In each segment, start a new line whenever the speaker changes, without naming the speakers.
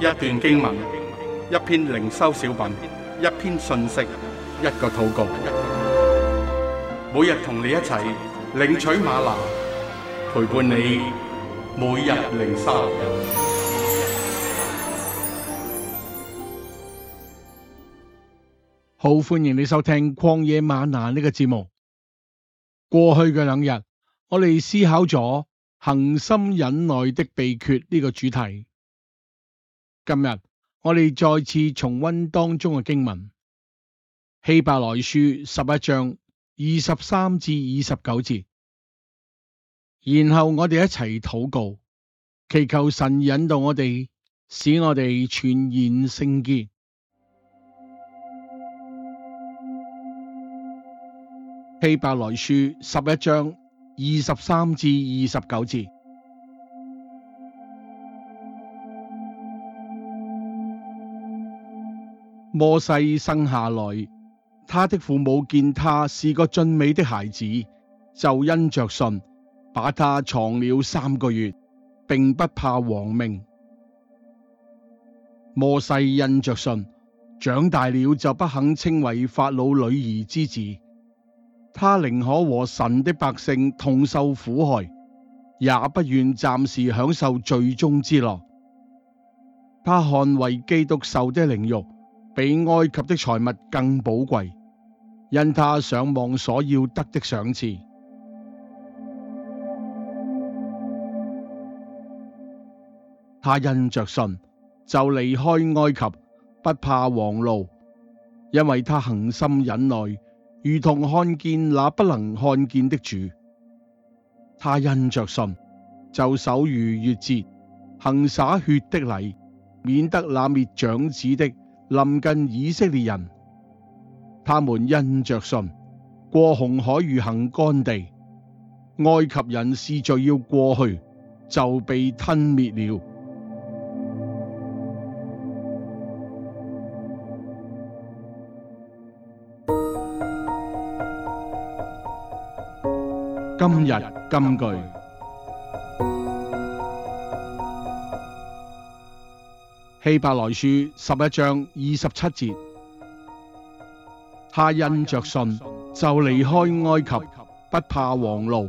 一段經文，一篇靈修小品，一篇信息，一個禱告。每日同你一齊領取嗎哪，陪伴你每日靈修。好，歡迎你收聽《曠野嗎哪》呢個節目。過去嘅兩日，我哋思考咗恆心忍耐的秘訣呢個主題。今日我哋再次重溫當中嘅經文《希伯來書》十一章二十三至二十九節。然後我哋一齊禱告，祈求神引導我哋，使我哋全然聖潔。《希伯來書》十一章二十三至二十九節。摩西生下來，他的父母見他是個俊美的孩子，就因着信把他藏了三個月，並不怕王命。摩西因着信，長大了就不肯稱為法老女兒之子，他寧可和神的百姓同受苦害，也不願暫時享受罪中之樂。他看為基督受的凌辱，比埃及的財物更寶貴，因他想望所要得的賞賜。他因着信就離開埃及，不怕王怒，因為他恆心忍耐，如同看見那不能看見的主。他因着信就守逾越節，行灑血的禮，免得那滅長子的臨近以色列人他們因着信過紅海如行乾地，埃及人試著要過去，就被吞滅了。今日金句。《希伯來書》十一章二十七節，他因着信就離開埃及，不怕王怒，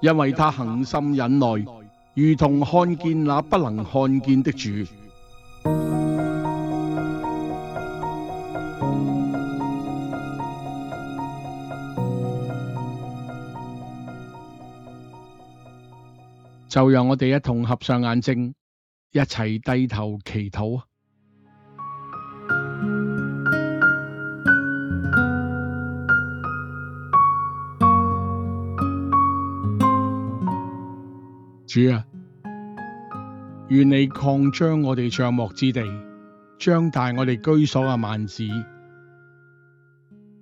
因為他恒心忍耐，如同看見那不能看見的主。就讓我哋一同合上眼睛。一齊低頭祈禱啊！主啊，願你擴張我哋帳幕之地，張大我哋居所嘅幔子，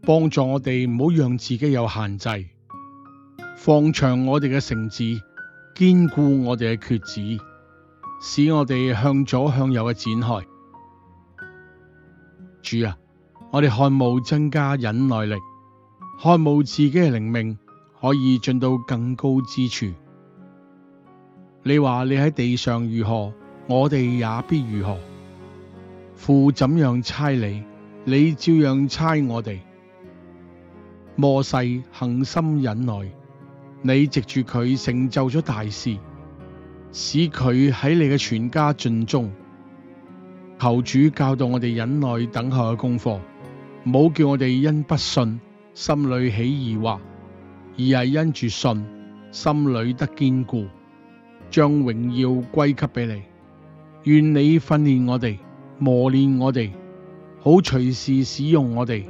幫助我哋唔好讓自己有限制，放長我哋嘅繩子，堅固我哋嘅橛子。使我哋向左向右嘅展開。主啊，我哋渴慕增加忍耐力，渴慕自己嘅靈命可以進到更高之處。你話你喺地上如何，我哋也必如何。父怎樣差你，你照樣差我哋。摩西，恒心忍耐，你藉住佢成就咗大事。使佢喺你嘅全家盡忠，求主教導我哋忍耐等候嘅功課，唔好叫我哋因不信，心裏起疑惑，而係因住信心裏得堅固，將榮耀歸給俾你。願你訓練我哋，磨練我哋，好隨時使用我哋。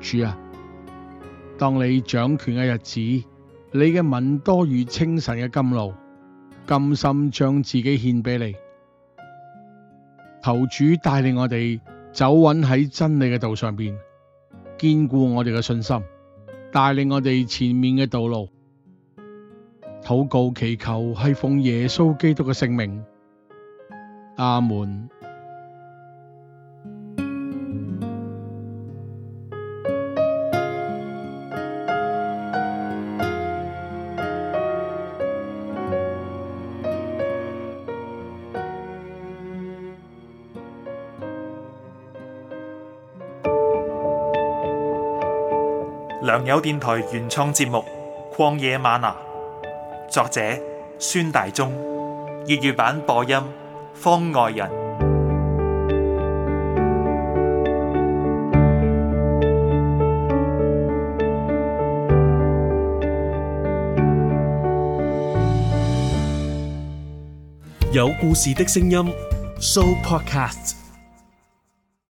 主啊。當你掌權嘅日子，你嘅民多如清晨嘅甘露，甘心將自己獻俾你。求主帶領我哋走穩喺真理嘅道上邊，堅固我哋嘅信心，帶領我哋前面嘅道路。禱告祈求係奉耶穌基督嘅聖名，阿門。良友電台原創節目《曠野嗎哪》，作者孫大中，粵語版播音方外人，有故事的聲音，So Podcast。